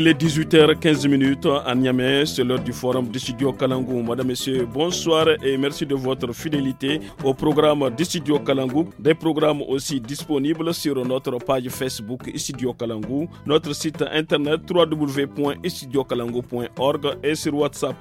Il est 18h15 à Niamey, c'est l'heure du forum du Kalangou. Madame, Messieurs, bonsoir et merci de votre fidélité au programme du Kalangou. Des programmes aussi disponibles sur notre page Facebook Studio Kalangou, notre site internet www.studiokalangou.org et sur WhatsApp.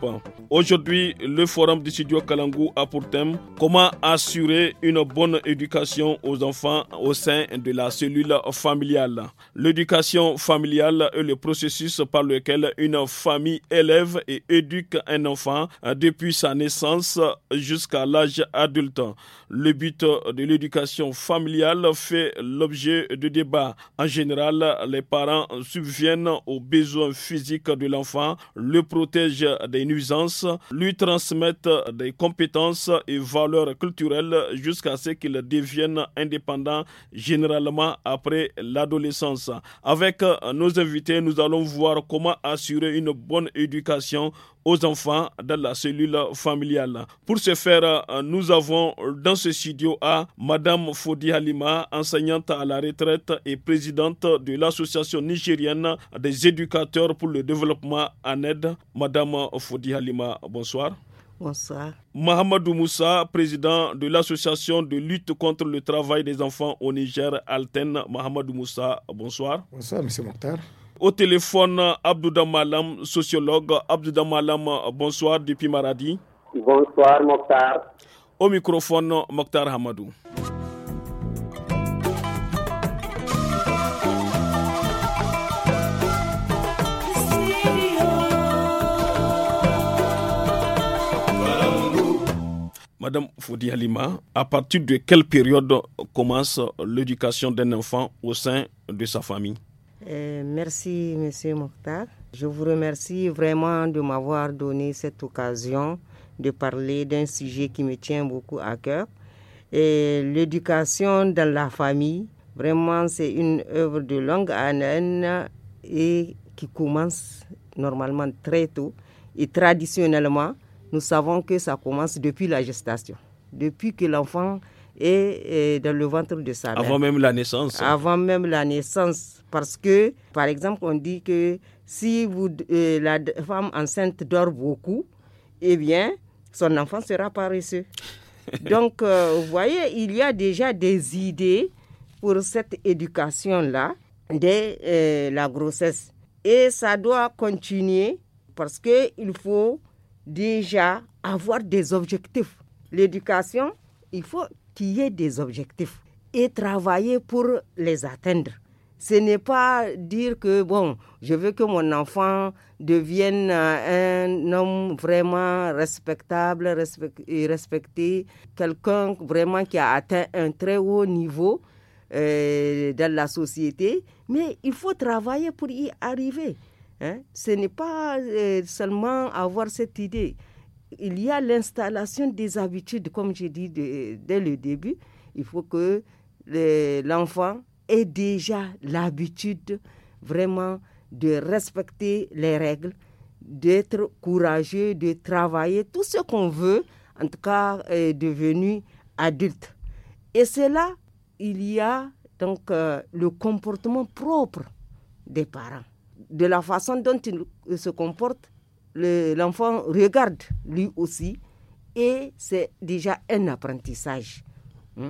Aujourd'hui, le forum du studio Kalangou a pour thème Comment assurer une bonne éducation aux enfants au sein de la cellule familiale. L'éducation familiale est le processus par lequel une famille élève et éduque un enfant euh, depuis sa naissance jusqu'à l'âge adulte. Le but de l'éducation familiale fait l'objet de débats. En général, les parents subviennent aux besoins physiques de l'enfant, le protègent des nuisances, lui transmettent des compétences et valeurs culturelles jusqu'à ce qu'il devienne indépendant, généralement après l'adolescence. Avec nos invités, nous allons vous voir comment assurer une bonne éducation aux enfants dans la cellule familiale. Pour ce faire, euh, nous avons dans ce studio à Madame Fodi Halima, enseignante à la retraite et présidente de l'association nigérienne des éducateurs pour le développement en aide. Madame Fodi Halima, bonsoir. Bonsoir. Mohamedou Moussa, président de l'association de lutte contre le travail des enfants au Niger, Alten. Mohamedou Moussa, bonsoir. Bonsoir, Monsieur Mokhtar. Au téléphone, Abdou Malam, sociologue. Abdou Damalam, bonsoir depuis Maradi. Bonsoir Mokhtar. Au microphone, Mokhtar Hamadou. Madame Foudi Halima, à partir de quelle période commence l'éducation d'un enfant au sein de sa famille euh, merci, Monsieur Mokhtar. Je vous remercie vraiment de m'avoir donné cette occasion de parler d'un sujet qui me tient beaucoup à cœur. L'éducation dans la famille, vraiment, c'est une œuvre de longue haleine et qui commence normalement très tôt. Et traditionnellement, nous savons que ça commence depuis la gestation, depuis que l'enfant et, dans le ventre de sa mère. Avant même la naissance. Avant même la naissance. Parce que, par exemple, on dit que si vous, euh, la femme enceinte dort beaucoup, eh bien, son enfant sera paresseux. Donc, euh, vous voyez, il y a déjà des idées pour cette éducation-là dès euh, la grossesse. Et ça doit continuer parce qu'il faut déjà avoir des objectifs. L'éducation, il faut qu'il ait des objectifs et travailler pour les atteindre. Ce n'est pas dire que, bon, je veux que mon enfant devienne euh, un homme vraiment respectable respecté, quelqu'un vraiment qui a atteint un très haut niveau euh, dans la société, mais il faut travailler pour y arriver. Hein. Ce n'est pas euh, seulement avoir cette idée il y a l'installation des habitudes, comme j'ai dit dès le début. Il faut que l'enfant ait déjà l'habitude vraiment de respecter les règles, d'être courageux, de travailler, tout ce qu'on veut, en tout cas euh, devenu adulte. Et cela il y a donc euh, le comportement propre des parents, de la façon dont ils se comportent l'enfant regarde lui aussi et c'est déjà un apprentissage. Hmm.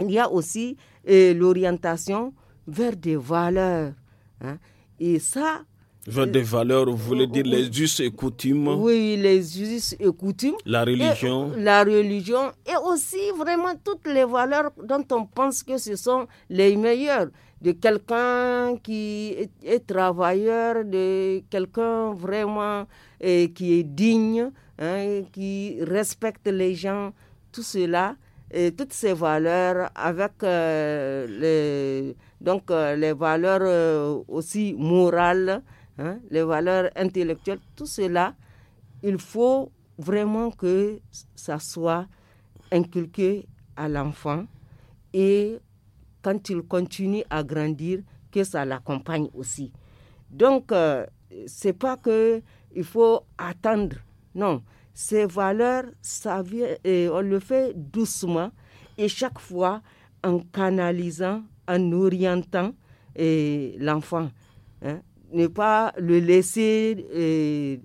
Il y a aussi euh, l'orientation vers des valeurs. Hein. Et ça, vers des valeurs, vous voulez euh, dire les us et coutumes Oui, les us et coutumes. La religion. la religion et aussi vraiment toutes les valeurs dont on pense que ce sont les meilleures de quelqu'un qui est, travailleur, de quelqu'un vraiment euh, qui est digne, hein, qui respecte les gens, tout cela, et toutes ces valeurs avec euh, les, donc, euh, les valeurs aussi morales, hein, les valeurs intellectuelles, tout cela, il faut vraiment que ça soit inculqué à l'enfant et quand il continue à grandir, que ça l'accompagne aussi. Donc, ce euh, c'est pas que il faut attendre. Non, ces valeurs, ça vient, on le fait doucement et chaque fois en canalisant, en orientant l'enfant. Hein. ne pas le laisser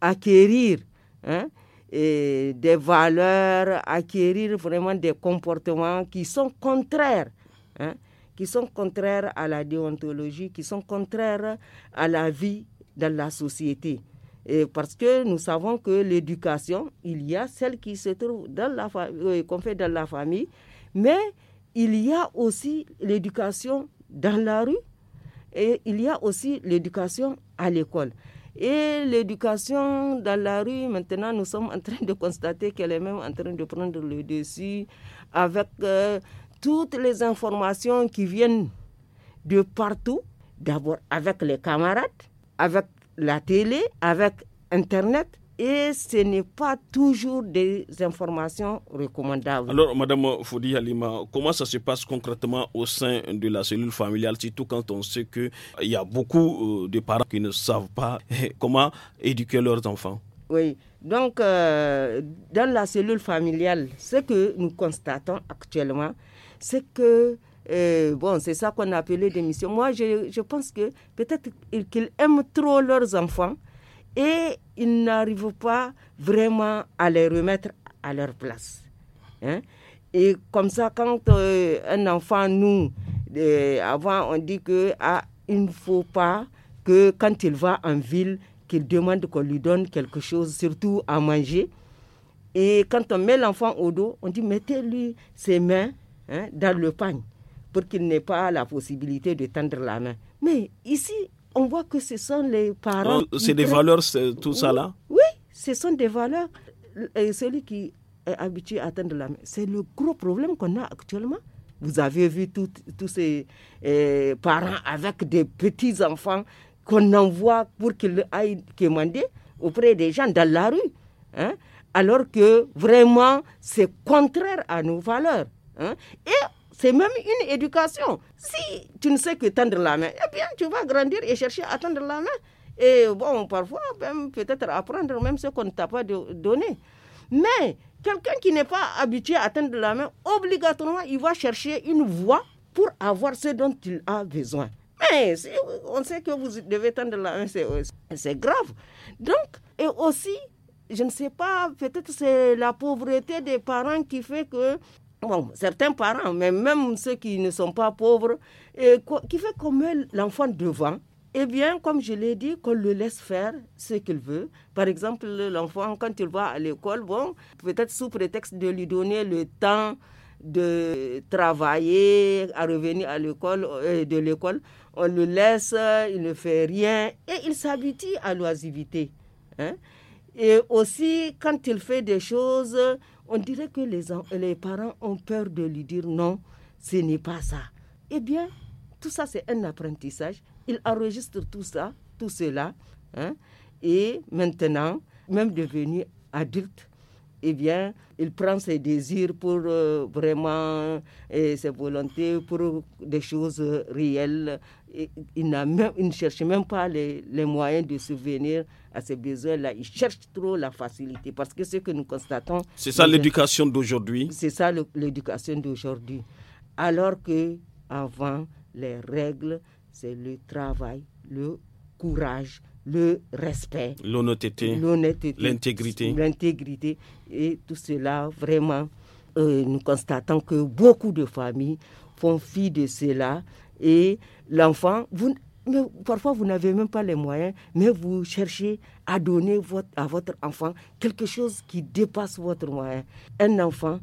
acquérir hein, des valeurs, acquérir vraiment des comportements qui sont contraires Hein, qui sont contraires à la déontologie, qui sont contraires à la vie dans la société. Et parce que nous savons que l'éducation, il y a celle qui se trouve dans la euh, qu'on fait dans la famille, mais il y a aussi l'éducation dans la rue et il y a aussi l'éducation à l'école. Et l'éducation dans la rue, maintenant, nous sommes en train de constater qu'elle est même en train de prendre le dessus avec euh, toutes les informations qui viennent de partout, d'abord avec les camarades, avec la télé, avec Internet, et ce n'est pas toujours des informations recommandables. Alors, Madame Foudi Halima, comment ça se passe concrètement au sein de la cellule familiale, surtout quand on sait qu'il euh, y a beaucoup euh, de parents qui ne savent pas eh, comment éduquer leurs enfants Oui, donc euh, dans la cellule familiale, ce que nous constatons actuellement, c'est que euh, bon, c'est ça qu'on a appelé des Moi, je, je pense que peut-être qu'ils aiment trop leurs enfants et ils n'arrivent pas vraiment à les remettre à leur place. Hein? Et comme ça, quand euh, un enfant, nous, euh, avant, on dit que ah, il ne faut pas que quand il va en ville, qu'il demande qu'on lui donne quelque chose, surtout à manger. Et quand on met l'enfant au dos, on dit mettez-lui ses mains Hein, dans le pagne pour qu'il n'ait pas la possibilité de tendre la main. Mais ici, on voit que ce sont les parents. Oh, c'est des valeurs, tout ça là Oui, ce sont des valeurs. Et celui qui est habitué à tendre la main, c'est le gros problème qu'on a actuellement. Vous avez vu tous ces euh, parents avec des petits-enfants qu'on envoie pour qu'ils aillent commander auprès des gens dans la rue. Hein, alors que vraiment, c'est contraire à nos valeurs. Hein? Et c'est même une éducation. Si tu ne sais que tendre la main, eh bien, tu vas grandir et chercher à tendre la main. Et bon, parfois, peut-être apprendre même ce qu'on ne t'a pas donné. Mais quelqu'un qui n'est pas habitué à tendre la main, obligatoirement, il va chercher une voie pour avoir ce dont il a besoin. Mais si on sait que vous devez tendre la main, c'est grave. Donc, et aussi, je ne sais pas, peut-être c'est la pauvreté des parents qui fait que Bon, certains parents, mais même ceux qui ne sont pas pauvres, et qui fait qu'on met l'enfant devant, eh bien, comme je l'ai dit, qu'on le laisse faire ce qu'il veut. Par exemple, l'enfant, quand il va à l'école, bon, peut-être sous prétexte de lui donner le temps de travailler, à revenir à l'école, euh, de l'école, on le laisse, il ne fait rien et il s'habitue à l'oisiveté. Hein. Et aussi, quand il fait des choses on dirait que les, les parents ont peur de lui dire non, ce n'est pas ça. Eh bien, tout ça, c'est un apprentissage. Il enregistre tout ça, tout cela. Hein? Et maintenant, même devenu adulte, eh bien, il prend ses désirs pour euh, vraiment, et ses volontés pour des choses réelles. il, même, ne cherche même pas les, moyens de souvenir à ces besoins-là. Ils cherchent trop la facilité parce que ce que nous constatons. C'est ça l'éducation d'aujourd'hui. C'est ça l'éducation d'aujourd'hui. Alors que avant les règles, c'est le travail, le courage, le respect, l'honnêteté, l'intégrité. L'intégrité et tout cela vraiment. Euh, nous constatons que beaucoup de familles font fi de cela et l'enfant, vous, mais parfois, vous n'avez même pas les moyens, mais vous cherchez à donner votre, à votre enfant quelque chose qui dépasse votre moyen. Un enfant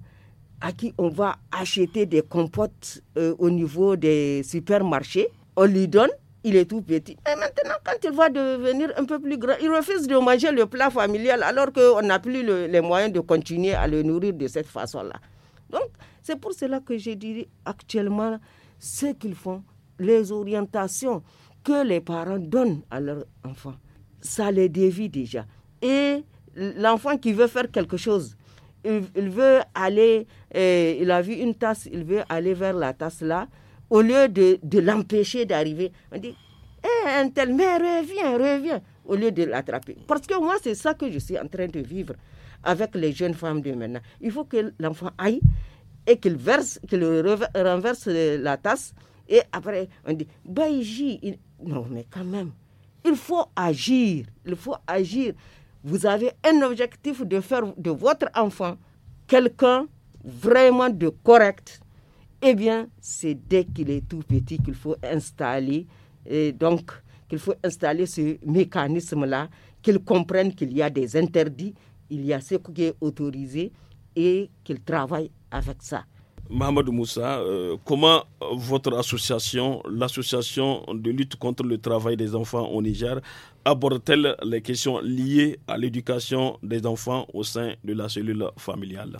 à qui on va acheter des compotes euh, au niveau des supermarchés, on lui donne, il est tout petit. Et maintenant, quand il va devenir un peu plus grand, il refuse de manger le plat familial alors qu'on n'a plus les moyens de continuer à le nourrir de cette façon-là. Donc, c'est pour cela que je dirais actuellement, ce qu'ils font, les orientations, que les parents donnent à leur enfant. Ça les dévie déjà. Et l'enfant qui veut faire quelque chose, il, veut aller, eh, il a vu une tasse, il veut aller vers la tasse là, au lieu de, l'empêcher d'arriver, on dit "Eh, un tel, mais reviens, reviens, au lieu de l'attraper. Parce que moi, c'est ça que je suis en train de vivre avec les jeunes femmes de maintenant. Il faut que l'enfant aille et qu'il verse, qu'il renverse la tasse et après, on dit, Benji, il... non, mais quand même, il faut agir, il faut agir. Vous avez un objectif de faire de votre enfant quelqu'un vraiment de correct. Eh bien, c'est dès qu'il est tout petit qu'il faut installer, et donc, qu'il faut installer ce mécanisme-là, qu'il comprenne qu'il y a des interdits, il y a ce qui est autorisé et qu'il travaille avec ça. Mohamed Moussa, euh, comment votre association, l'association de lutte contre le travail des enfants au Niger, aborde-t-elle les questions liées à l'éducation des enfants au sein de la cellule familiale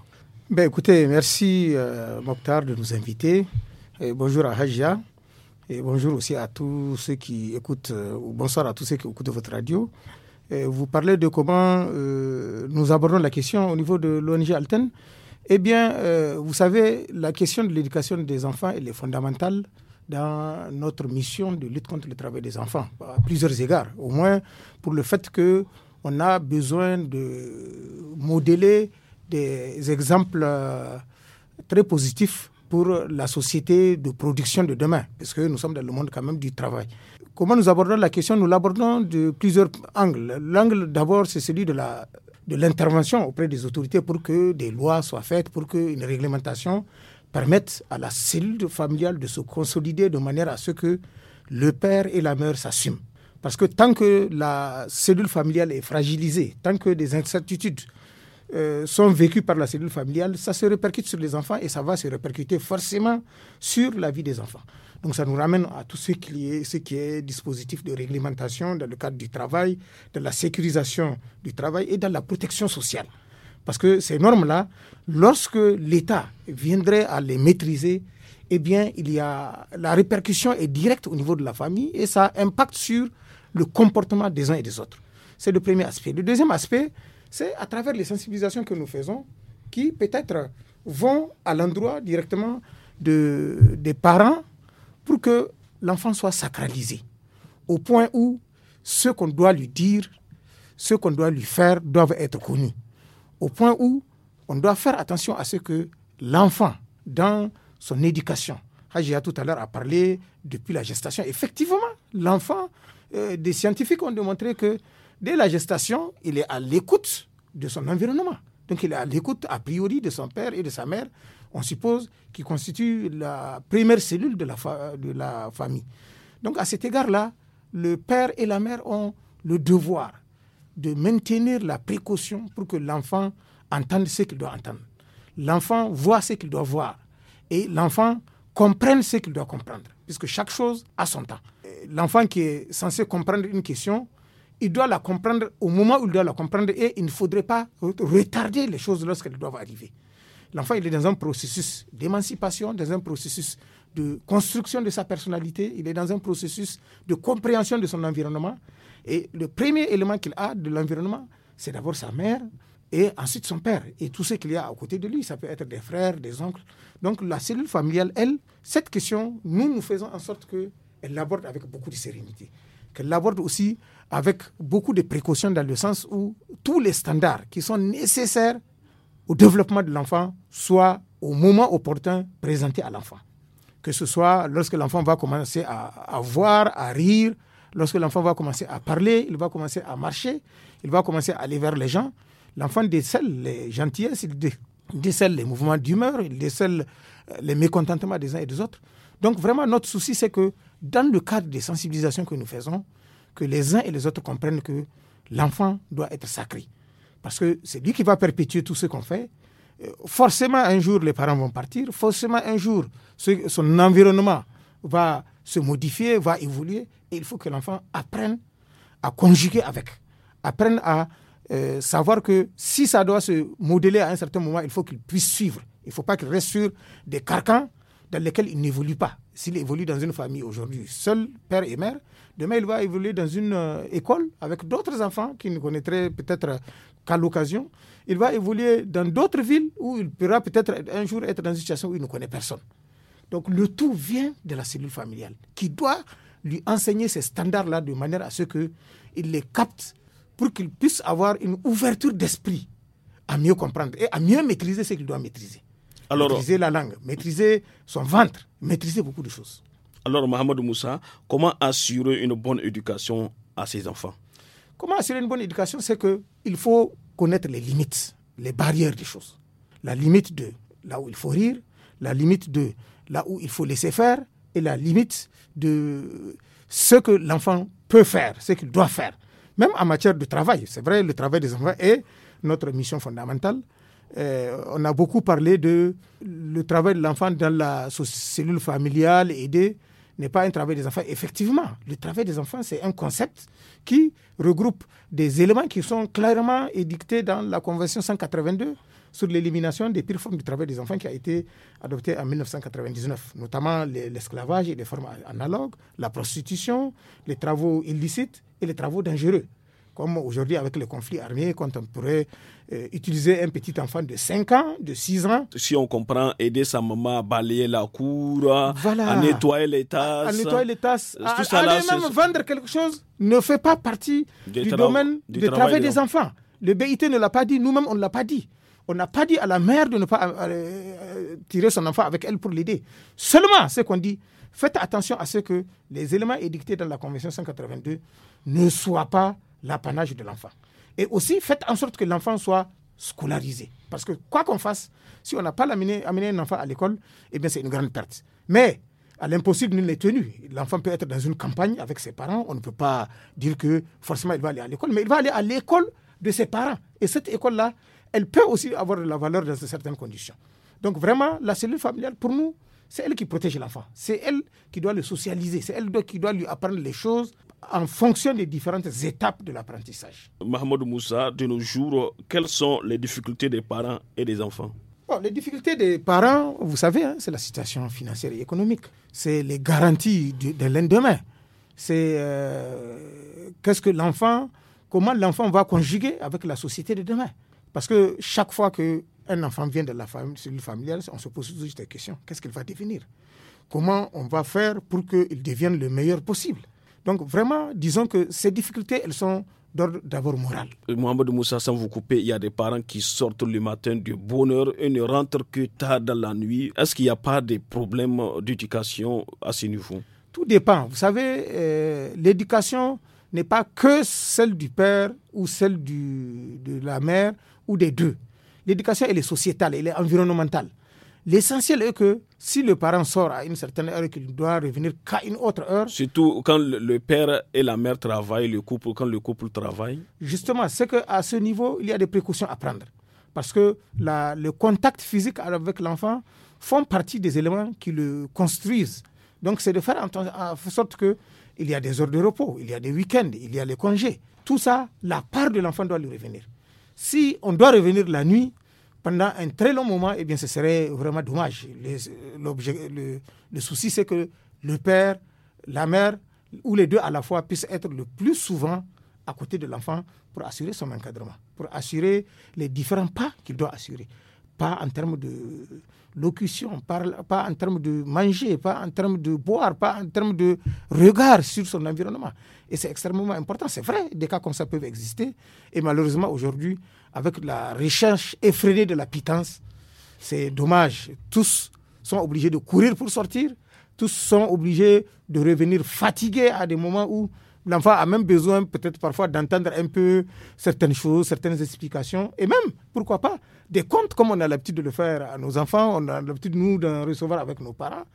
ben Écoutez, merci euh, Mokhtar de nous inviter. bonjour à Hajia. Et bonjour aussi à tous ceux qui écoutent, euh, ou bonsoir à tous ceux qui écoutent votre radio. vous parlez de comment nous abordons la question au niveau de l'ONG Alten. Eh bien, euh, vous savez, la question de l'éducation des enfants, elle est fondamentale dans notre mission de lutte contre le travail des enfants, à plusieurs égards. Au moins pour le fait qu'on a besoin de modeler des exemples euh, très positifs pour la société de production de demain, parce que nous sommes dans le monde quand même du travail. Comment nous abordons la question Nous l'abordons de plusieurs angles. L'angle d'abord, c'est celui de la de l'intervention auprès des autorités pour que des lois soient faites, pour qu'une réglementation permette à la cellule familiale de se consolider de manière à ce que le père et la mère s'assument. Parce que tant que la cellule familiale est fragilisée, tant que des incertitudes euh, sont vécues par la cellule familiale, ça se répercute sur les enfants et ça va se répercuter forcément sur la vie des enfants. Donc ça nous ramène à tout ce qui est, ce qui est dispositif de réglementation dans le cadre du travail, de la sécurisation du travail et dans la protection sociale. Parce que ces normes-là, lorsque l'État viendrait à les maîtriser, eh bien, il y a la répercussion est directe au niveau de la famille et ça impacte sur le comportement des uns et des autres. C'est le premier aspect. Le deuxième aspect, c'est à travers les sensibilisations que nous faisons qui peut-être vont à l'endroit directement de, des parents pour que l'enfant soit sacralisé, au point où ce qu'on doit lui dire, ce qu'on doit lui faire doivent être connus, au point où on doit faire attention à ce que l'enfant, dans son éducation, Hajia tout à l'heure a parlé depuis la gestation, effectivement, l'enfant, euh, des scientifiques ont démontré que Dès la gestation, il est à l'écoute de son environnement. Donc il est à l'écoute a priori de son père et de sa mère, on suppose, qui constituent la première cellule de la, de la famille. Donc à cet égard-là, le père et la mère ont le devoir de maintenir la précaution pour que l'enfant entende ce qu'il doit entendre. L'enfant voit ce qu'il doit voir. Et l'enfant comprenne ce qu'il doit comprendre. Puisque chaque chose a son temps. L'enfant qui est censé comprendre une question il doit la comprendre au moment où il doit la comprendre et il ne faudrait pas retarder les choses lorsqu'elles doivent arriver. L'enfant, il est dans un processus d'émancipation, dans un processus de construction de sa personnalité, il est dans un processus de compréhension de son environnement. Et le premier élément qu'il a de l'environnement, c'est d'abord sa mère et ensuite son père et tout ce qu'il y a à côté de lui. Ça peut être des frères, des oncles. Donc la cellule familiale, elle, cette question, nous, nous faisons en sorte qu'elle l'aborde avec beaucoup de sérénité qu'elle l'aborde aussi avec beaucoup de précautions dans le sens où tous les standards qui sont nécessaires au développement de l'enfant soient au moment opportun présentés à l'enfant. Que ce soit lorsque l'enfant va commencer à, à, voir, à rire, lorsque l'enfant va commencer à parler, il va commencer à marcher, il va commencer à aller vers les gens. L'enfant décèle les gentillesses, il décèle les mouvements d'humeur, il décèle euh, les mécontentements des uns et des autres. Donc vraiment, notre souci, c'est que dans le cadre des sensibilisations que nous faisons, que les uns et les autres comprennent que l'enfant doit être sacré. Parce que c'est lui qui va perpétuer tout ce qu'on fait. Euh, forcément, un jour, les parents vont partir. Forcément, un jour, son environnement va se modifier, va évoluer. Et il faut que l'enfant apprenne à conjuguer avec, apprenne à euh, savoir que si ça doit se modeler à un certain moment, il faut qu'il puisse suivre. Il ne faut pas qu'il reste sur des carcans dans lesquels il n'évolue pas s'il évolue dans une famille aujourd'hui, seul père et mère, demain il va évoluer dans une euh, école avec d'autres enfants qu'il ne connaîtrait peut-être qu'à l'occasion. Il va évoluer dans d'autres villes où il pourra peut-être un jour être dans une situation où il ne connaît personne. Donc le tout vient de la cellule familiale qui doit lui enseigner ces standards-là de manière à ce qu'il les capte pour qu'il puisse avoir une ouverture d'esprit à mieux comprendre et à mieux maîtriser ce qu'il doit maîtriser maîtriser la langue, maîtriser son ventre, maîtriser beaucoup de choses. Alors, Mohamed Moussa, comment assurer une bonne éducation à ses enfants Comment assurer une bonne éducation C'est qu'il faut connaître les limites, les barrières des choses. La limite de là où il faut rire, la limite de là où il faut laisser faire et la limite de ce que l'enfant peut faire, ce qu'il doit faire. Même en matière de travail, c'est vrai, le travail des enfants est notre mission fondamentale. Euh, on a beaucoup parlé de le travail de l'enfant dans la cellule familiale aidée n'est pas un travail des enfants. Effectivement, le travail des enfants, c'est un concept qui regroupe des éléments qui sont clairement édictés dans la Convention 182 sur l'élimination des pires formes du travail des enfants qui a été adoptée en 1999, notamment l'esclavage et les formes analogues, la prostitution, les travaux illicites et les travaux dangereux. Comme aujourd'hui avec les conflits armés, quand euh, utiliser un petit enfant de 5 ans, de 6 ans. Si on comprend, aider sa maman à balayer la cour, à nettoyer les tasses. Euh, à, nettoyer les tasses. aller même vendre quelque chose ne fait pas partie du, domaine du travail, des enfants. Le BIT ne l'a pas dit, nous-mêmes on ne l'a pas dit. On n'a pas dit à la mère de ne pas euh, tirer son enfant avec elle pour l'aider. Seulement, ce qu'on dit, faites attention à ce que les éléments édictés dans la Convention 182 ne soient pas l'apanage de l'enfant. Et aussi, faites en sorte que l'enfant soit scolarisé. Parce que quoi qu'on fasse, si on n'a pas amené, amené un enfant à l'école, eh bien c'est une grande perte. Mais à l'impossible, nul n'est tenu. L'enfant peut être dans une campagne avec ses parents. On ne peut pas dire que forcément il va aller à l'école, mais il va aller à l'école de ses parents. Et cette école-là, elle peut aussi avoir de la valeur dans certaines conditions. Donc vraiment, la cellule familiale, pour nous, c'est elle qui protège l'enfant. C'est elle qui doit le socialiser. C'est elle qui doit lui apprendre les choses en fonction des différentes étapes de l'apprentissage. Mahmoud Moussa, de nos jours, quelles sont les difficultés des parents et des enfants Les difficultés des parents, vous savez, hein, c'est la situation financière et économique, c'est les garanties de, de l'endemain, c'est euh, que l'enfant, comment l'enfant va conjuguer avec la société de demain. Parce que chaque fois qu'un enfant vient de la famille, familiale, on se pose toujours des question. Qu'est-ce qu'il va devenir Comment on va faire pour qu'il devienne le meilleur possible donc vraiment, disons que ces difficultés, elles sont d'ordre d'abord moral. Euh, Mohamed Moussa, sans vous couper, il y a des parents qui sortent le matin du bonheur et ne rentrent que tard dans la nuit. Est-ce qu'il n'y a pas des problèmes d'éducation à ce niveau Tout dépend. Vous savez, euh, l'éducation n'est pas que celle du père ou celle du, de la mère ou des deux. L'éducation, elle est sociétale, elle est environnementale. L'essentiel est que si le parent sort à une certaine heure et qu'il doit revenir qu'à une autre heure. Surtout quand le père et la mère travaillent, le couple, quand le couple travaille. Justement, c'est qu'à ce niveau, il y a des précautions à prendre. Parce que le contact physique avec l'enfant font partie des éléments qui le construisent. Donc, c'est de faire en, en sorte que il y a des heures de repos, il y a des week-ends, il y a les congés. Tout ça, la part de l'enfant doit lui revenir. Si on doit revenir la nuit, pendant un très long moment, et eh bien, ce serait vraiment dommage. Les, euh, le, le, souci, c'est que le père, la mère, ou les deux à la fois, puissent être le plus souvent à côté de l'enfant pour assurer son encadrement, pour assurer les différents pas qu'il doit assurer. Pas en termes de locution, pas en termes de manger, pas en termes de boire, pas en termes de regard sur son environnement. Et c'est extrêmement important. C'est vrai, des cas comme ça peuvent exister. Et malheureusement, aujourd'hui, avec la recherche effrénée de la pitance, c'est dommage. Tous sont obligés de courir pour sortir. Tous sont obligés de revenir fatigués à des moments où l'enfant a même besoin peut-être parfois d'entendre un peu certaines choses, certaines explications, et même, pourquoi pas, des comptes comme on a l'habitude de le faire à nos enfants, on a l'habitude, nous, d'en recevoir avec nos parents,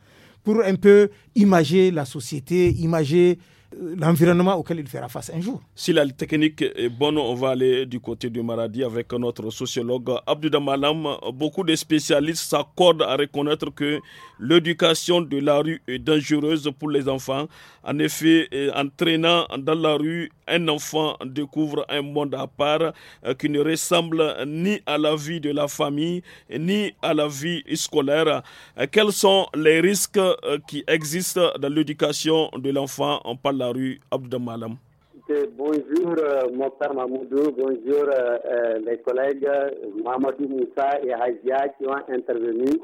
pour un peu imager la société, imager euh, l'environnement auquel il fera face un jour. Si la technique est bonne, on va aller du côté du Maradi avec notre sociologue Abdou Damalam. Beaucoup de spécialistes s'accordent à reconnaître que L'éducation de la rue est dangereuse pour les enfants. En effet, euh, en traînant dans la rue, un enfant découvre un monde à part euh, qui ne ressemble ni à la vie de la famille ni à la vie scolaire. Euh, quels sont les risques qui existent dans l'éducation de l'enfant par la rue Abdelmalam? bonjour mon père Mamoudou, bonjour mes les collègues Mamadou Moussa et Hajia qui ont intervenu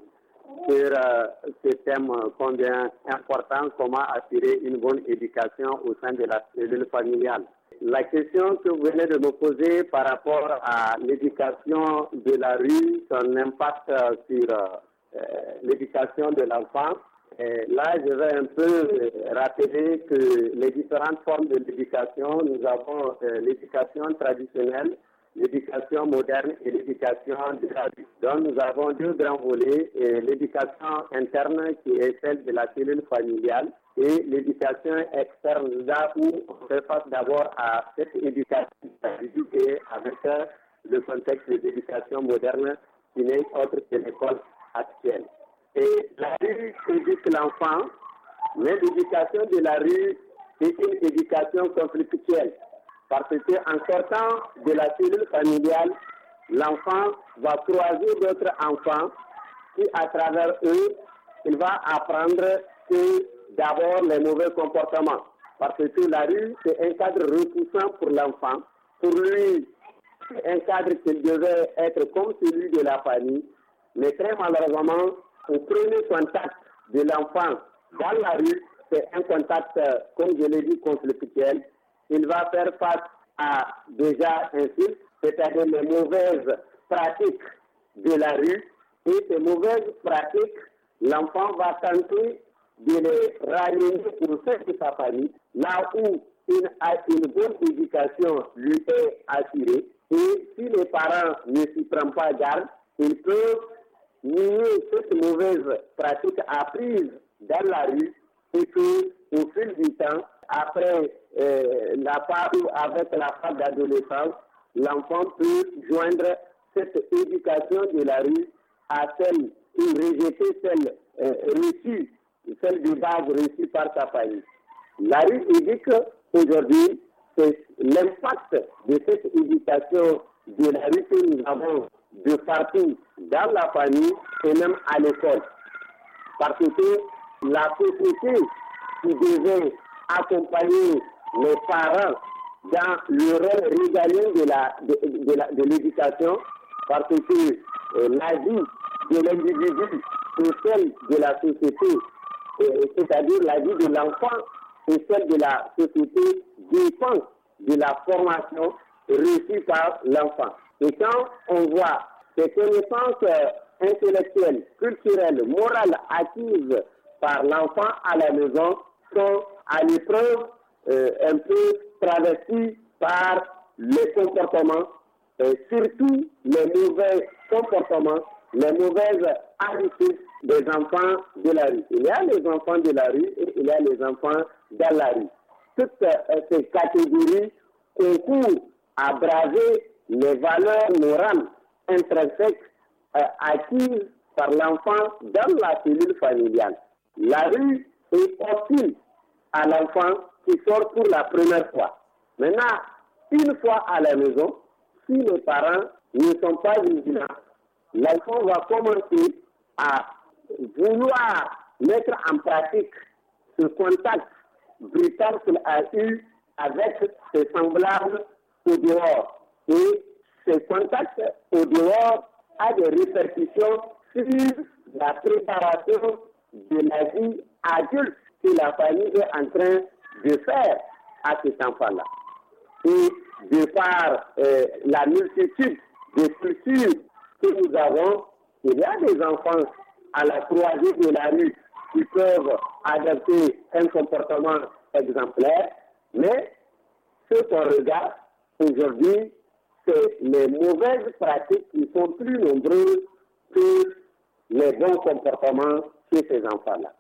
sur euh, ce thème euh, combien important, comment assurer une bonne éducation au sein de la cellule familiale. La question que vous venez de me poser par rapport à l'éducation de la rue, son impact euh, sur l'éducation de l'enfant, là, je vais un peu rappeler que les différentes formes de l'éducation, nous avons l'éducation traditionnelle, l'éducation moderne et l'éducation de la vie. Donc nous avons deux grands volets, euh, l'éducation interne qui est celle de la cellule familiale et l'éducation externe, là où on fait face d'abord à cette éducation et avec euh, le contexte de l'éducation moderne qui n'est autre que l'école actuelle. Et la rue éduque l'enfant, mais l'éducation de la rue est une éducation conflictuelle. Parce qu'en sortant de la cellule familiale, l'enfant va croiser d'autres enfants et à travers eux, il va apprendre que d'abord les mauvais comportements. Parce que la rue, c'est un cadre repoussant pour l'enfant. Pour lui, c'est un cadre qui devait être comme celui de la famille. Mais très malheureusement, au premier contact de l'enfant dans la rue, c'est un contact, euh, comme je l'ai dit, conflictuel il va faire face à déjà un c'est-à-dire les mauvaises pratiques de la rue. Et ces mauvaises pratiques, l'enfant va tenter de les ramener pour sein de sa famille, là où une, une bonne éducation lui est assurée. Et si les parents ne s'y prennent pas garde, ils peuvent nier cette mauvaise pratique apprise dans la rue et que, au fil du temps, après euh, la part avec la part d'adolescence, l'enfant peut joindre cette éducation de la rue à celle ou rejeter celle euh, reçue, celle de base reçue par sa famille. La rue éduque aujourd'hui, c'est l'impact de cette éducation de la rue que nous avons de partout dans la famille et même à l'école. Parce que la société qui devait accompagner les parents dans le rôle régalien de la de, de l'éducation parce que euh, la vie de l'individu et celle de la société c'est-à-dire la vie de l'enfant et celle de la société dépend de la formation reçue par l'enfant et quand on voit ces connaissances euh, intellectuelles culturelles morales acquises par l'enfant à la maison sont à l'épreuve euh, un peu traversée par les comportements, et surtout les mauvais comportements, les mauvaises habitudes des enfants de la rue. Il y a les enfants de la rue et il y a les enfants dans la rue. Toutes euh, ces catégories concourent à braver les valeurs morales intrinsèques euh, acquises par l'enfant dans la cellule familiale. La rue est hostile à l'enfant qui sort pour la première fois. Maintenant, une fois à la maison, si les parents ne sont pas vigilants, l'enfant va commencer à vouloir mettre en pratique ce contact brutal qu'il a eu avec ses semblables au dehors. Et ce contact au dehors a des répercussions sur la préparation de la vie adulte que la famille est en train de faire à cet enfants là Et de par euh, la multitude de cultures que nous avons, il y a des enfants à la croisée de la rue qui peuvent adapter un comportement exemplaire, mais ce qu'on regarde aujourd'hui, c'est les mauvaises pratiques qui sont plus nombreuses que les bons comportements chez ces enfants-là.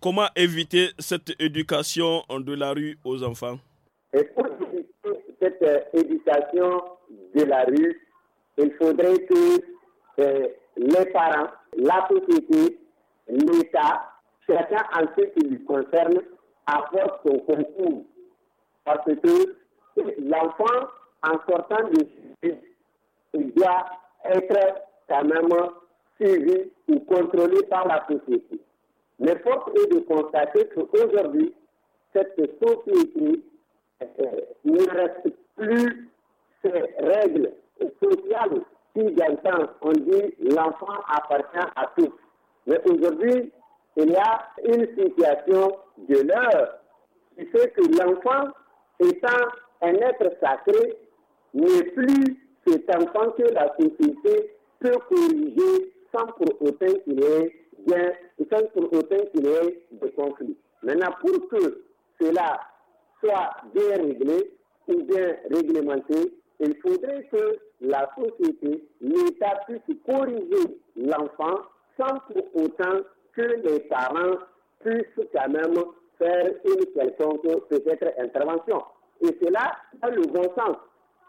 comment éviter cette éducation de la rue aux enfants Et pour éviter cette euh, éducation de la rue, il faudrait que euh, les parents, la société, l'État, chacun en ce qui lui concerne, apporte son concours. Parce que l'enfant, en sortant de l'école, il doit être quand même suivi ou contrôlé par la société. Mais force est de constater qu'aujourd'hui, cette société euh, ne reste plus ces règles sociales qui, dans on dit l'enfant appartient à tous. Mais aujourd'hui, il y a une situation de l'heure qui fait que l'enfant, étant un être sacré, n'est plus cet enfant que la société peut corriger sans pour autant qu'il ait bien, sans pour autant qu'il y ait de conflits. Maintenant, pour que cela soit bien réglé ou bien réglementé, il faudrait que la société, l'État puisse corriger l'enfant sans pour autant que les parents puissent quand même faire une quelconque peut-être intervention. Et cela a le bon sens.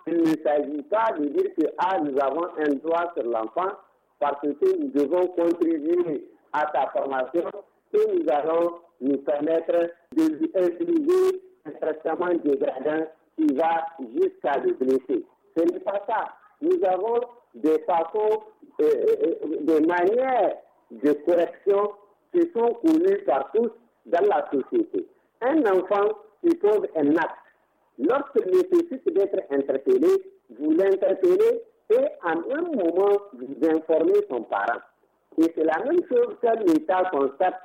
Il ne s'agit pas de dire que ah, nous avons un droit sur l'enfant parce que nous devons contribuer à ta formation et nous allons nous permettre de lui infliger un traitement dégradant qui va jusqu'à le blesser. Ce n'est pas ça. Nous avons des façons, euh, euh, des manières de correction qui sont connues par tous dans la société. Un enfant qui trouve un acte, lorsqu'il nécessite d'être interpellé, vous l'interpellez et à un moment, vous informez son parent. Et c'est la même chose quand l'État constate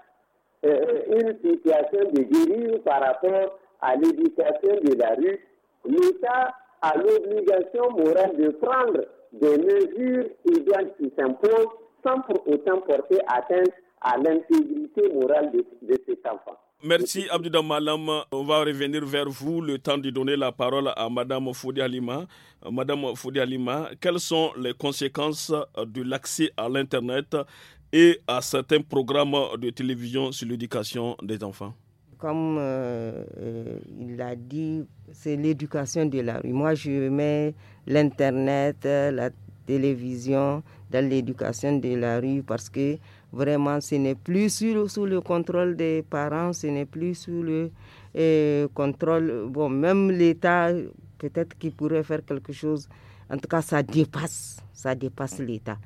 euh, une situation de dérive par rapport à l'éducation de la rue. L'État a l'obligation morale de prendre des mesures idéales qui s'imposent sans pour autant porter atteinte à l'intégrité morale de, de cet enfant. Merci Abdou Malam. On va revenir vers vous le temps de donner la parole à Madame Foudi Alima. Madame Foudi Alima, quelles sont les conséquences de l'accès à l'Internet et à certains programmes de télévision sur l'éducation des enfants Comme euh, euh, il l'a dit, c'est l'éducation de la rue. Moi, je mets l'Internet, la télévision, dans l'éducation de la rue, parce que vraiment, ce n'est plus sous, le contrôle des parents, ce n'est plus sous le euh, contrôle, bon, même l'État, peut-être qu'il pourrait faire quelque chose. En tout cas, ça dépasse, ça dépasse l'État.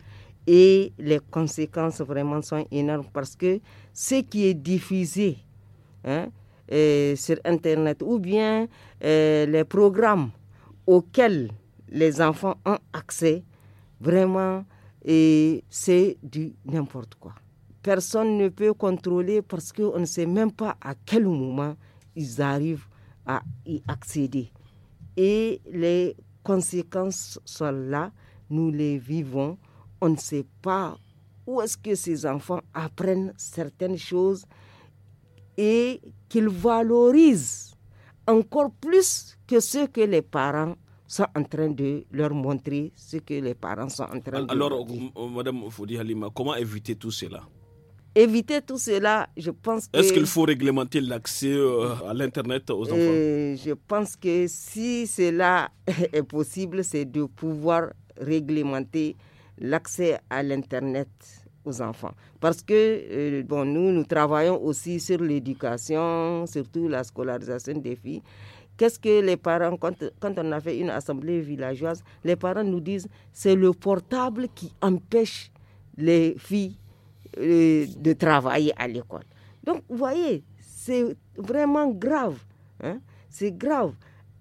Et les conséquences vraiment sont énormes parce que ce qui est diffusé hein, euh, sur Internet ou bien euh, les programmes auxquels les enfants ont accès, Vraiment, et c'est du n'importe quoi. Personne ne peut contrôler parce qu'on ne sait même pas à quel moment ils arrivent à y accéder. Et les conséquences sont là, nous les vivons. On ne sait pas où est-ce que ces enfants apprennent certaines choses et qu'ils valorisent encore plus que ce que les parents sont en train de leur montrer ce que les parents sont en train de leur Alors, Madame Foudi Halima, comment éviter tout cela Éviter tout cela, je pense que... Est-ce qu'il faut réglementer l'accès euh, à l'Internet aux euh, enfants Je pense que si cela est possible, c'est de pouvoir réglementer l'accès à l'Internet aux enfants. Parce que euh, bon, nous, nous travaillons aussi sur l'éducation, surtout la scolarisation des filles. Qu'est-ce que les parents, quand, on a fait une assemblée villageoise, les parents nous disent c'est le portable qui empêche les filles euh, de travailler à l'école. Donc, vous voyez, c'est vraiment grave. Hein. C'est grave.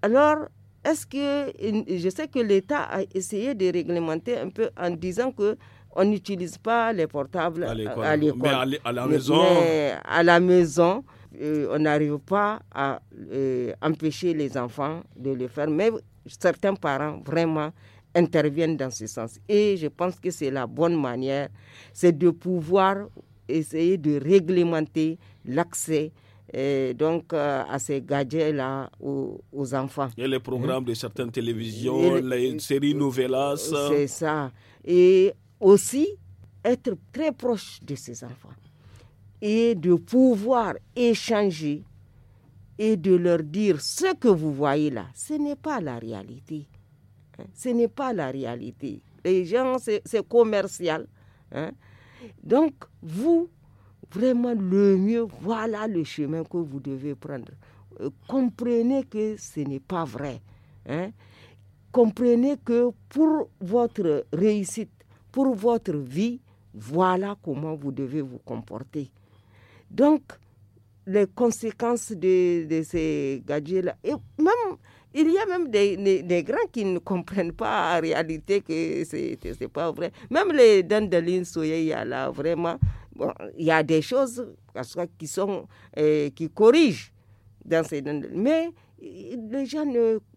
Alors, est-ce que je sais que l'État a essayé de réglementer un peu en disant que on n'utilise pas les portables à l'école, Mais à la maison, euh, on n'arrive pas à euh, empêcher les enfants de le faire, mais certains parents vraiment interviennent dans ce sens. Et je pense que c'est la bonne manière, c'est de pouvoir essayer de réglementer l'accès euh, donc à ces gadgets-là aux, enfants. Et les programmes de certaines télévisions, les séries novelas. C'est ça. Et aussi être très proche de ces enfants et de pouvoir échanger et de leur dire ce que vous voyez là, ce n'est pas la réalité. Hein. Ce n'est pas la réalité. Les gens, c'est commercial. Hein. Donc, vous, vraiment le mieux, voilà le chemin que vous devez prendre. Euh, comprenez que ce n'est pas vrai. Hein. Comprenez que pour votre réussite, pour votre vie, voilà comment vous devez vous comporter. Donc, les conséquences de, ces gadgets-là, et il y a même des, grands qui ne comprennent pas en réalité que ce n'est pas vrai. Même les Dandelines Soyeya, là, vraiment, bon, il y a des choses qui, sont, euh, qui corrigent dans ces les gens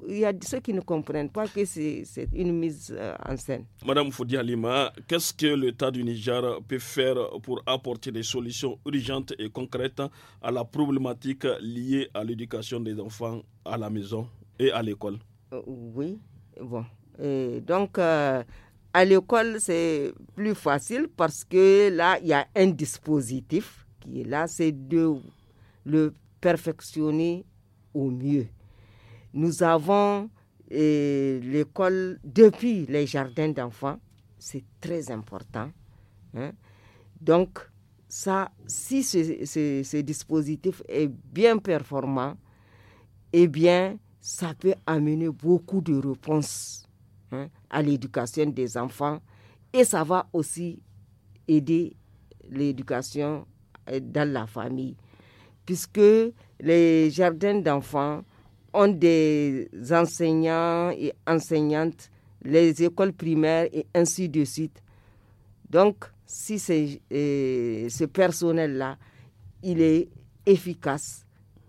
il y a ceux qui ne comprennent pas que c'est une mise euh, en scène. Madame Foudi Lima qu'est-ce que l'État du Niger peut faire pour apporter des solutions urgentes et concrètes à la problématique liée à l'éducation des enfants à la maison et à l'école euh, Oui, bon. Euh, donc, à l'école, c'est plus facile parce que là, il y a un dispositif qui est là, c'est de le perfectionner au mieux nous avons l'école depuis les jardins d'enfants. C'est très important. Hein. Donc, ça, si ce, dispositif est bien performant, eh bien, ça peut amener beaucoup de réponses hein, à l'éducation des enfants et ça va aussi aider l'éducation euh, dans la famille, puisque les jardins d'enfants ont des enseignants et enseignantes, les écoles primaires et ainsi de suite. Donc, si euh, ce personnel-là, il est efficace,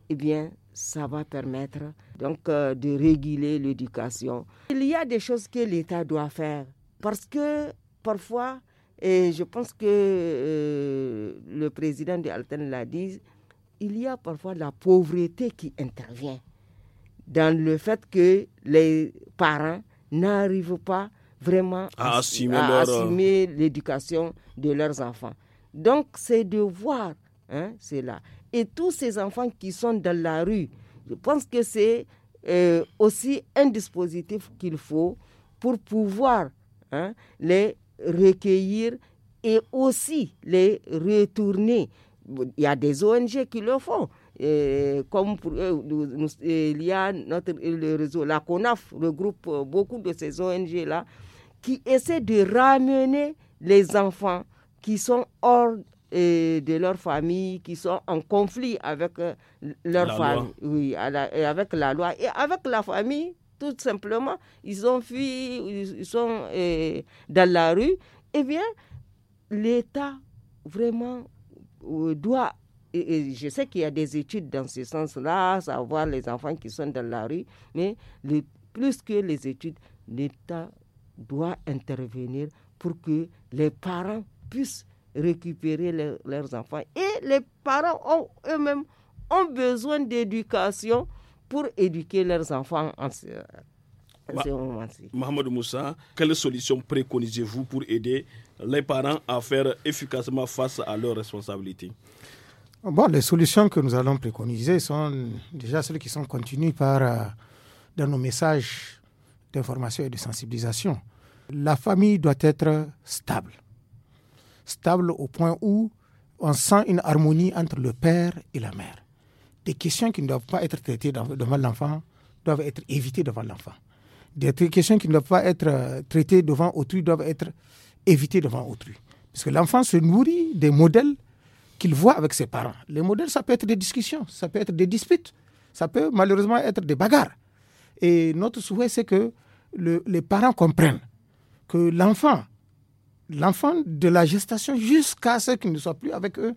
eh bien, ça va permettre donc euh, de réguler l'éducation. Il y a des choses que l'État doit faire parce que parfois, et je pense que euh, le président de Alten l'a dit, il y a parfois la pauvreté qui intervient dans le fait que les parents n'arrivent pas vraiment à euh, assumer, l'éducation de leurs enfants. Donc, c'est de voir hein, cela. Et tous ces enfants qui sont dans la rue, je pense que c'est euh, aussi un dispositif qu'il faut pour pouvoir hein, les recueillir et aussi les retourner. Il y a des ONG qui le font. Et comme pour euh, euh, il y a notre, euh, le réseau, la CONAF regroupe beaucoup de ces ONG-là qui essaient de ramener les enfants qui sont hors de leur famille, qui sont en conflit avec leur famille, oui, avec la loi et avec la famille, tout simplement. Ils ont fui, ils sont dans la rue. Eh bien, l'État vraiment doit je sais qu'il y a des études dans ce sens-là, savoir les enfants qui sont dans la rue, mais plus que les études, l'État doit intervenir pour que les parents puissent récupérer leurs enfants. Et les parents eux-mêmes ont besoin d'éducation pour éduquer leurs enfants en ce, moment-ci. Mohamed Moussa, quelles solutions préconisez-vous pour aider les parents à faire efficacement face à leurs responsabilités Bon, les solutions que nous allons préconiser sont déjà celles qui sont continues par, euh, dans nos messages d'information et de sensibilisation. La famille doit être stable. Stable au point où on sent une harmonie entre le père et la mère. Des questions qui ne doivent pas être traitées devant l'enfant doivent être évitées devant l'enfant. Des questions qui ne doivent pas être euh, traitées devant autrui doivent être évitées devant autrui. Parce que l'enfant se nourrit des modèles qu'il voit avec ses parents. Les modèles, ça peut être des discussions, ça peut être des disputes, ça peut malheureusement être des bagarres. Et notre souhait, c'est que les parents comprennent que l'enfant, l'enfant de la gestation jusqu'à ce qu'il ne soit plus avec eux,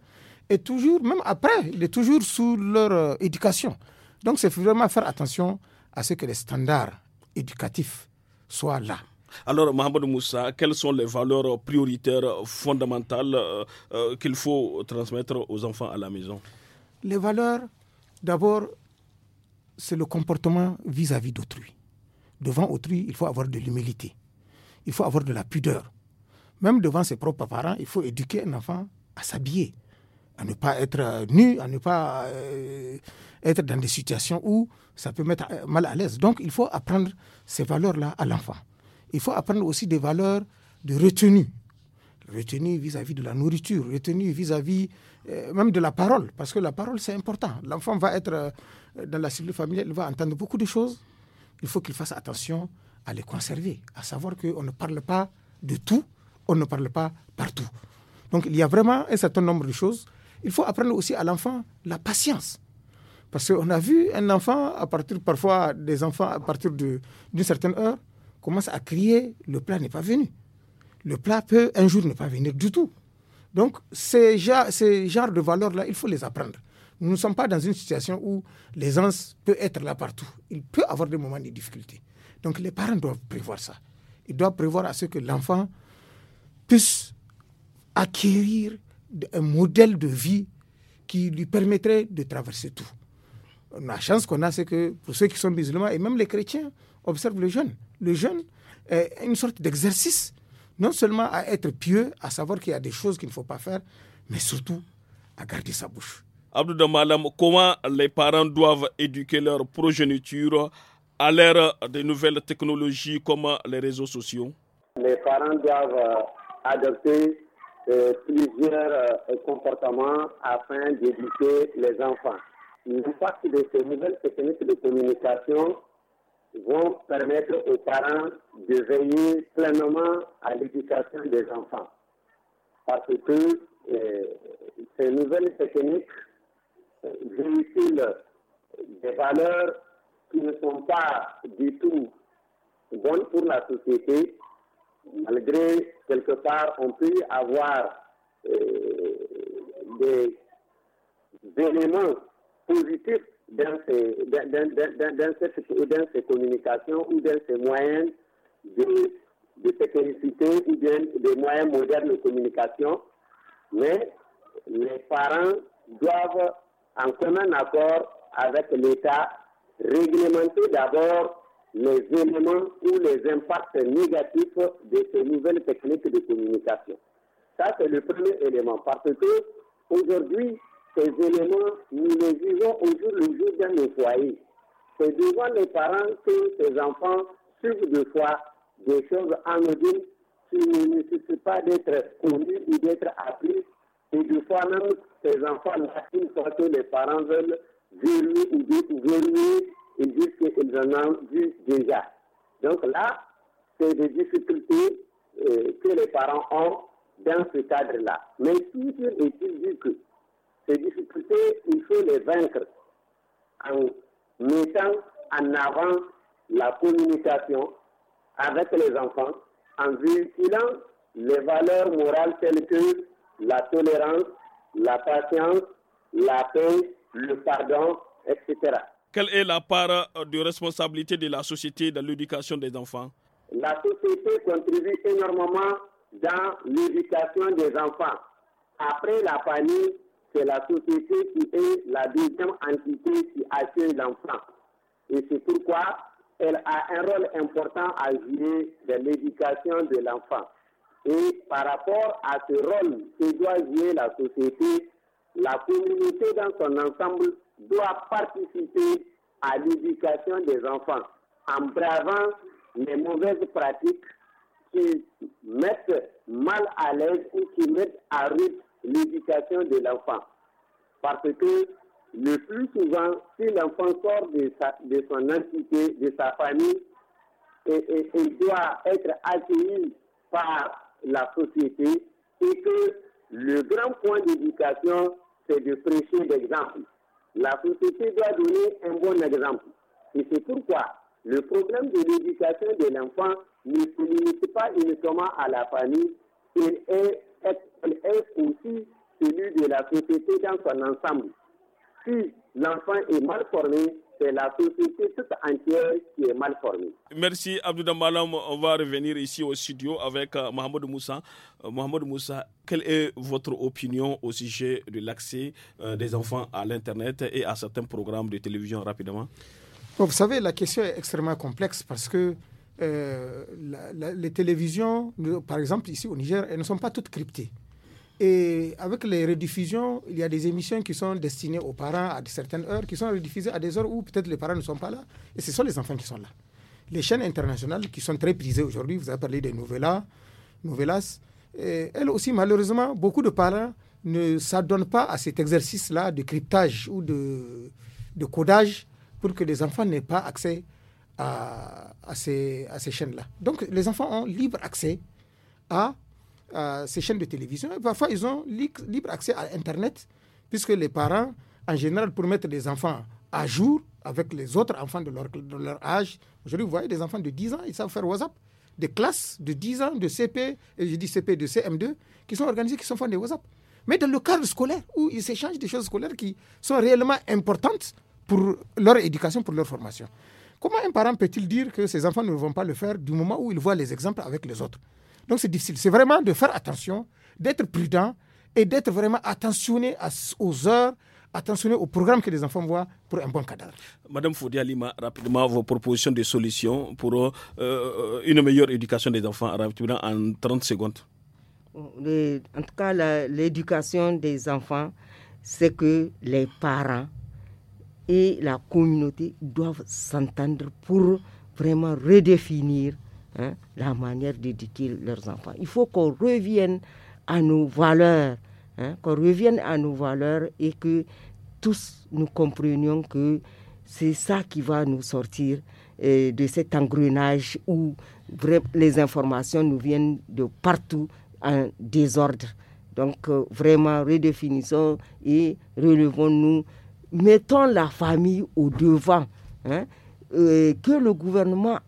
est toujours, même après, il est toujours sous leur euh, éducation. Donc, c'est vraiment faire attention à ce que les standards éducatifs soient là. Alors, Mohamed Moussa, quelles sont les valeurs prioritaires fondamentales euh, euh, qu'il faut transmettre aux enfants à la maison Les valeurs, d'abord, c'est le comportement vis-à-vis d'autrui. Devant autrui, il faut avoir de l'humilité. Il faut avoir de la pudeur. Même devant ses propres parents, il faut éduquer un enfant à s'habiller, à ne pas être euh, nu, à ne pas être dans des situations où ça peut mettre mal à l'aise. Donc, il faut apprendre ces valeurs-là à l'enfant il faut apprendre aussi des valeurs de retenue. Retenue vis-à-vis de la nourriture, retenue vis-à-vis euh, même de la parole, parce que la parole, c'est important. L'enfant va être euh, dans la cellule familiale, il va entendre beaucoup de choses. Il faut qu'il fasse attention à les conserver, à savoir qu'on ne parle pas de tout, on ne parle pas partout. Donc il y a vraiment un certain nombre de choses. Il faut apprendre aussi à l'enfant la patience. Parce qu'on a vu un enfant, à partir parfois des enfants à partir d'une certaine heure, commence à crier, le plat n'est pas venu. Le plat peut un jour ne pas venir du tout. Donc, ces, ces genres de valeurs-là, il faut les apprendre. Nous ne sommes pas dans une situation où l'aisance peut être là partout. Il peut avoir des moments de difficulté. Donc, les parents doivent prévoir ça. Ils doivent prévoir à ce que l'enfant puisse acquérir un modèle de vie qui lui permettrait de traverser tout. La chance qu'on a, c'est que pour ceux qui sont musulmans et même les chrétiens, observe le jeunes, les jeunes, est une sorte d'exercice, non seulement à être pieux, à savoir qu'il y a des choses qu'il ne faut pas faire, mais surtout à garder sa bouche. Abdou Damalam, comment les parents doivent éduquer leur progéniture à l'ère des nouvelles technologies comme les réseaux sociaux Les parents doivent adopter euh, plusieurs euh, comportements afin d'éduquer les enfants. L'impact de ces nouvelles techniques de communication vont permettre aux parents de veiller pleinement à l'éducation des enfants. Parce que euh, ces nouvelles techniques véhiculent des valeurs qui ne sont pas du tout bonnes pour la société, malgré quelque part on peut avoir euh, des éléments positifs dans ces dans, dans, communications ou dans ces moyens de, de technicité ou bien des moyens modernes de communication, mais les parents doivent, en commun accord avec l'État, réglementer d'abord les éléments ou les impacts négatifs de ces nouvelles techniques de communication. Ça, c'est le premier élément, parce que aujourd'hui, ces éléments, nous les vivons au jour le jour dans nos foyers. C'est devant les parents que ces enfants suivent de fois des choses anodines qui ne nécessitent pas d'être connues ou d'être appris. Et des fois même, ces enfants-là, pas que les parents veulent oui ou ou oui ils disent qu'ils en ont vu déjà. Donc là, c'est des difficultés euh, que les parents ont dans ce cadre-là. Mais toujours est-il que ces difficultés, il faut les vaincre en mettant en avant la communication avec les enfants, en véhiculant les valeurs morales telles que la tolérance, la patience, la paix, le pardon, etc. Quelle est la part euh, de responsabilité de la société dans l'éducation des enfants La société contribue énormément dans l'éducation des enfants. Après la famille, c'est la société qui est la deuxième entité qui accueille l'enfant. Et c'est pourquoi elle a un rôle important à jouer dans l'éducation de l'enfant. Et par rapport à ce rôle que doit jouer la société, la communauté dans son ensemble doit participer à l'éducation des enfants en bravant les mauvaises pratiques qui mettent mal à l'aise ou qui mettent à risque l'éducation de l'enfant. Parce que le plus souvent, si l'enfant sort de, sa, de son entité, de sa famille, et, et, doit être accueilli par la société, et que le grand point d'éducation, c'est de prêcher l'exemple. La société doit donner un bon exemple. Et c'est pourquoi le problème de l'éducation de l'enfant ne se limite pas uniquement à la famille, il est est aussi celui de la société dans son ensemble. Si l'enfant est mal formé, c'est la société toute entière qui est mal formée. Merci Abdou Damalam. On va revenir ici au studio avec euh, Mohamed Moussa. Euh, Mohamed Moussa, quelle est votre opinion au sujet de l'accès euh, des enfants à l'Internet et à certains programmes de télévision rapidement Vous savez, la question est extrêmement complexe parce que euh, les télévisions, par exemple ici au Niger, elles ne sont pas toutes cryptées. Et avec les rediffusions, il y a des émissions qui sont destinées aux parents à certaines heures, qui sont rediffusées à des heures où peut-être les parents ne sont pas là, et ce sont les enfants qui sont là. Les chaînes internationales qui sont très prisées aujourd'hui, vous avez parlé des Novelas, elles aussi, malheureusement, beaucoup de parents ne s'adonnent pas à cet exercice-là de cryptage ou de, de codage pour que les enfants n'aient pas accès à, à ces, à ces chaînes-là. Donc les enfants ont libre accès à, ces chaînes de télévision. parfois, ils ont libre accès à Internet, puisque les parents, en général, pour mettre les enfants à jour avec les autres enfants de leur, de leur âge, aujourd'hui, vous voyez des enfants de 10 ans, ils savent faire WhatsApp des classes de 10 ans, de CP, et je dis CP, de CM2, qui sont organisées, qui sont faits des WhatsApp. Mais dans le cadre scolaire, où ils s'échangent des choses scolaires qui sont réellement importantes pour leur éducation, pour leur formation. Comment un parent peut-il dire que ses enfants ne vont pas le faire du moment où il voit les exemples avec les autres Donc c'est difficile. C'est vraiment de faire attention, d'être prudent et d'être vraiment attentionné aux heures, attentionné au programme que les enfants voient pour un bon cadre. Madame Foudialima, rapidement vos propositions de solutions pour euh, euh, une meilleure éducation des enfants en 30 secondes. en tout cas, l'éducation des enfants, c'est que les parents et la communauté doivent s'entendre pour vraiment redéfinir hein, la manière d'éduquer leurs enfants. Il faut qu'on revienne à nos valeurs, hein, qu'on revienne à nos valeurs et que tous nous comprenions que c'est ça qui va nous sortir euh, de cet engrenage où les informations nous viennent de partout en désordre. Donc euh, vraiment redéfinissons et relevons-nous mettons la famille au devant, hein, euh, que le gouvernement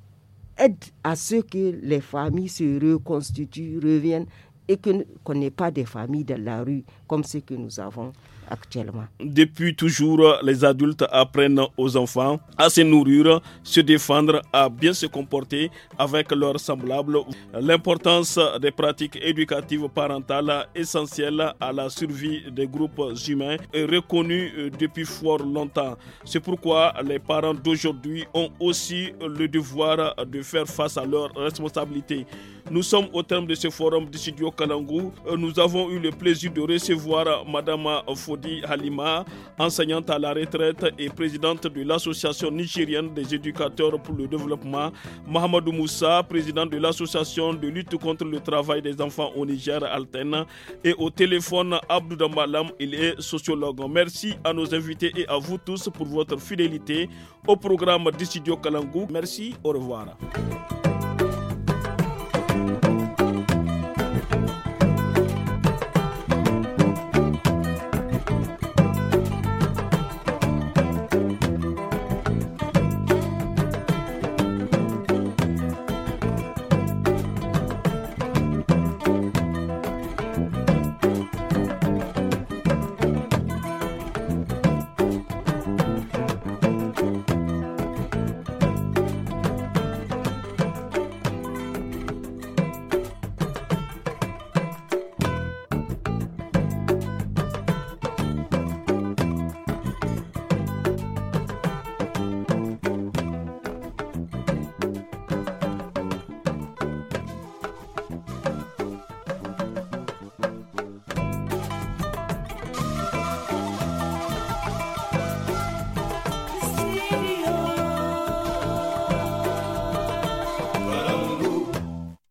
aide à ce que les familles se reconstituent, reviennent et qu'on n'ait pas des familles de la rue comme ce que nous avons actuellement. Depuis toujours, les adultes apprennent aux enfants à se nourrir, se défendre, à bien se comporter avec leurs semblables. L'importance des pratiques éducatives parentales essentielles à la survie des groupes humains est reconnue depuis fort longtemps. C'est pourquoi les parents d'aujourd'hui ont aussi le devoir de faire face à leurs responsabilités. Nous sommes au terme de ce forum du studio Kalangou. Nous avons eu le plaisir de recevoir Madame Fodé Halima, enseignante à la retraite et présidente de l'Association nigérienne des éducateurs pour le développement, Mohamedou Moussa, président de l'Association de lutte contre le travail des enfants au Niger, Alten, et au téléphone Abdou Dambalam, il est sociologue. Merci à nos invités et à vous tous pour votre fidélité au programme Dissidio Kalangou. Merci, au revoir.